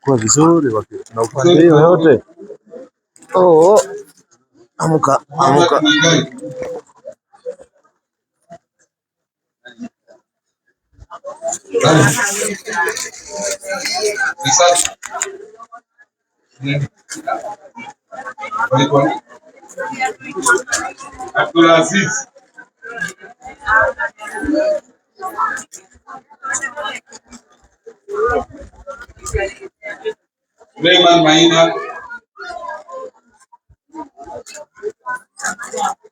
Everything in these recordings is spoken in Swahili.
Kwa vizuri wake na upande hiyo yote. o o amuka amuka. Suleiman Maina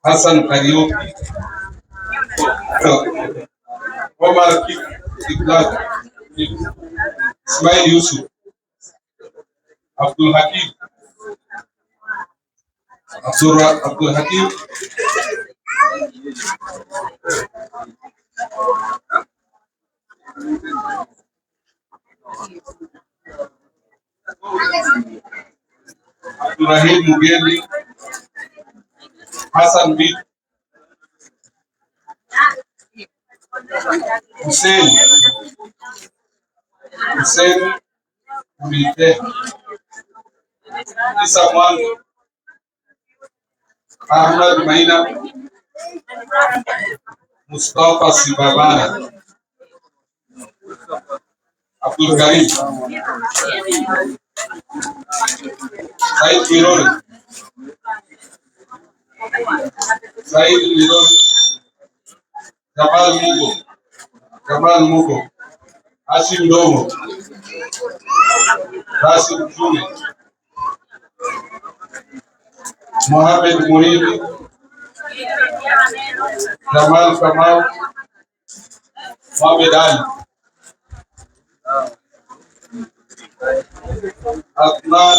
Hasan Kariuki Omar Kiblat Ismail Yusuf Abdul Hakim Abdul Hakim Ibrahim Mugeli, Hassan Bin, Hussein, Hussein Murite, Isa Mwang, Ahmad Maina, Mustafa Sibabara, Abdul Karim. రైతు విరోధం రైతు విరోధం జపాల్ మూకు జపాల్ Mugo, Assim Domo, Rasim Júnior, Mohamed Munir, Jamal Kamal, Mohamed Ali, Adnan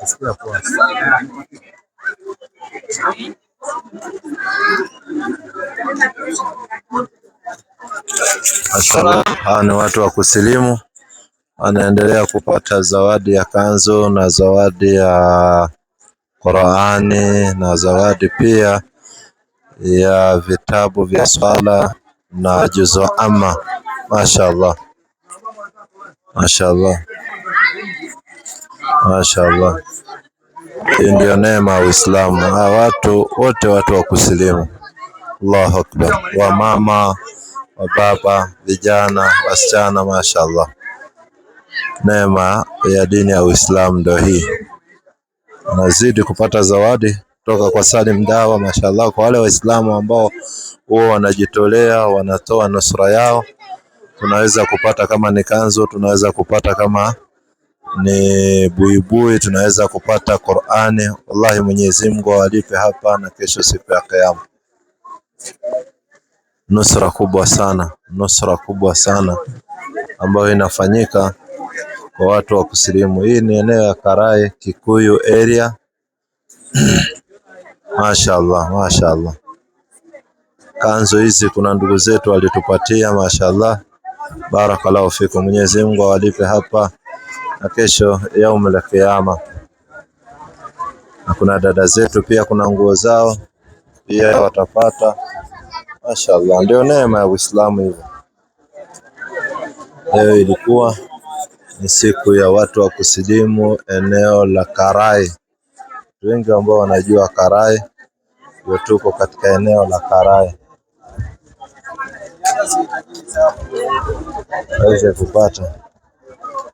That's good mashallah. Hawa ni watu wa kusilimu, wanaendelea kupata zawadi ya kanzu na zawadi ya Qurani na zawadi pia ya vitabu vya swala na juzo ama Mashallah, mashallah, mashallah. Hii ndio neema ya Uislamu. Hawa watu wote watu wa kusilimu. Allahu akbar, wamama wababa, vijana, wasichana mashallah Neema ya dini ya Uislamu ndio hii. anazidi kupata zawadi kutoka kwa Salim Dawa mashallah. kwa wale Waislamu ambao huwa wanajitolea wanatoa nusura yao, tunaweza kupata kama ni kanzu, tunaweza kupata kama ni buibui, tunaweza kupata Qur'ani. Wallahi, Mwenyezi Mungu awalipe hapa na kesho siku ya Kiyama nusra kubwa sana, nusra kubwa sana ambayo inafanyika kwa watu wa kusilimu. Hii ni eneo ya Karai Kikuyu area Mashaallah, mashaallah. Kanzu hizi kuna ndugu zetu walitupatia, mashaallah, barakallahu fikum. Mwenyezi Mungu awalipe hapa na kesho yaumul kiyama. Na kuna dada zetu pia, kuna nguo zao pia watapata. Mashaallah, ndio neema ya Uislamu hivyo. Leo ilikuwa ni siku ya watu wa kusilimu eneo la Karai. Watu wengi ambao wanajua Karai, ndio tuko katika eneo la Karai waweze kupata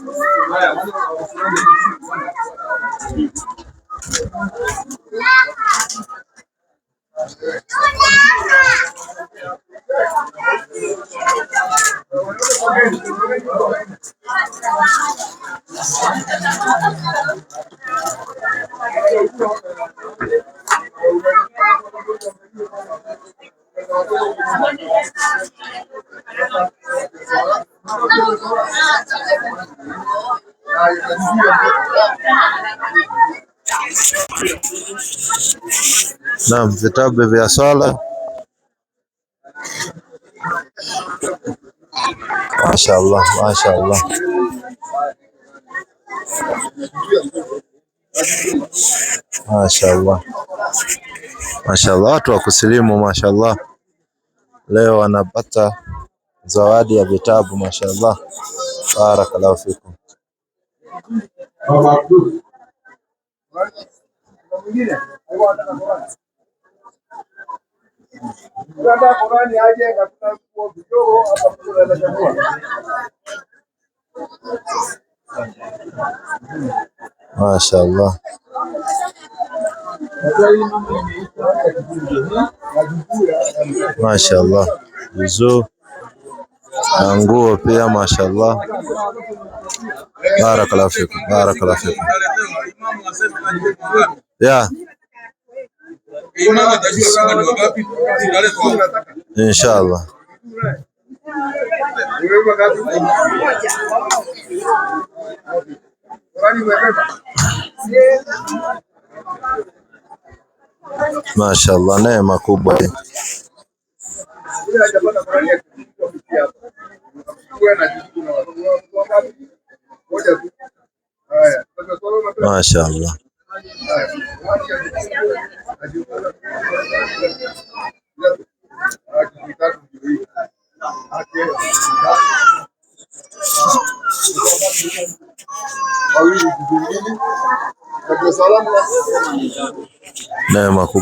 拉 好！给我拉好！Naam, vitabu vya sala. Mashaallah, mashaallah. Mashaallah, mashaallah, watu wa kusilimu mashaallah, leo wanapata zawadi ya vitabu mashaallah. بارك الله فيكم ما شاء الله ما شاء الله يزوه na nguo pia, mashallah. Barakallahu fikum, barakallahu fikum. Yeah, inshallah. Mashallah, neema kubwa. شاء الله نعم أخو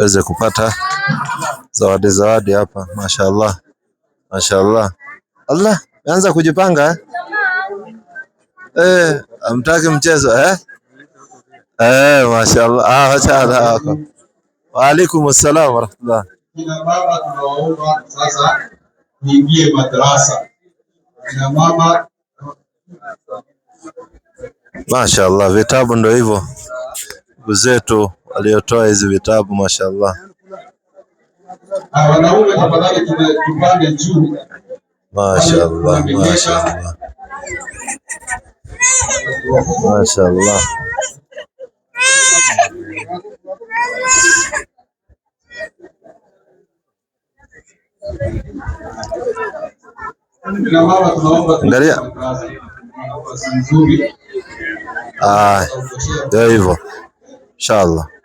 waweze kupata zawadi zawadi hapa. Mashaallah, mashaallah. Allah meanza kujipanga eh, Eh, amtaki mchezo eh eh, mashaallah. Ah, wacha hapo. Wa alaikum assalam wa rahmatullah. Kina baba tunaomba sasa niingie madrasa. Kina mama Mashaallah, vitabu ndio hivyo zetu waliotoa hizi vitabu mashallah. Wanaume tafadhali tupande juu. Mashallah, mashallah. Mashallah. ndio hivyo. İnşallah.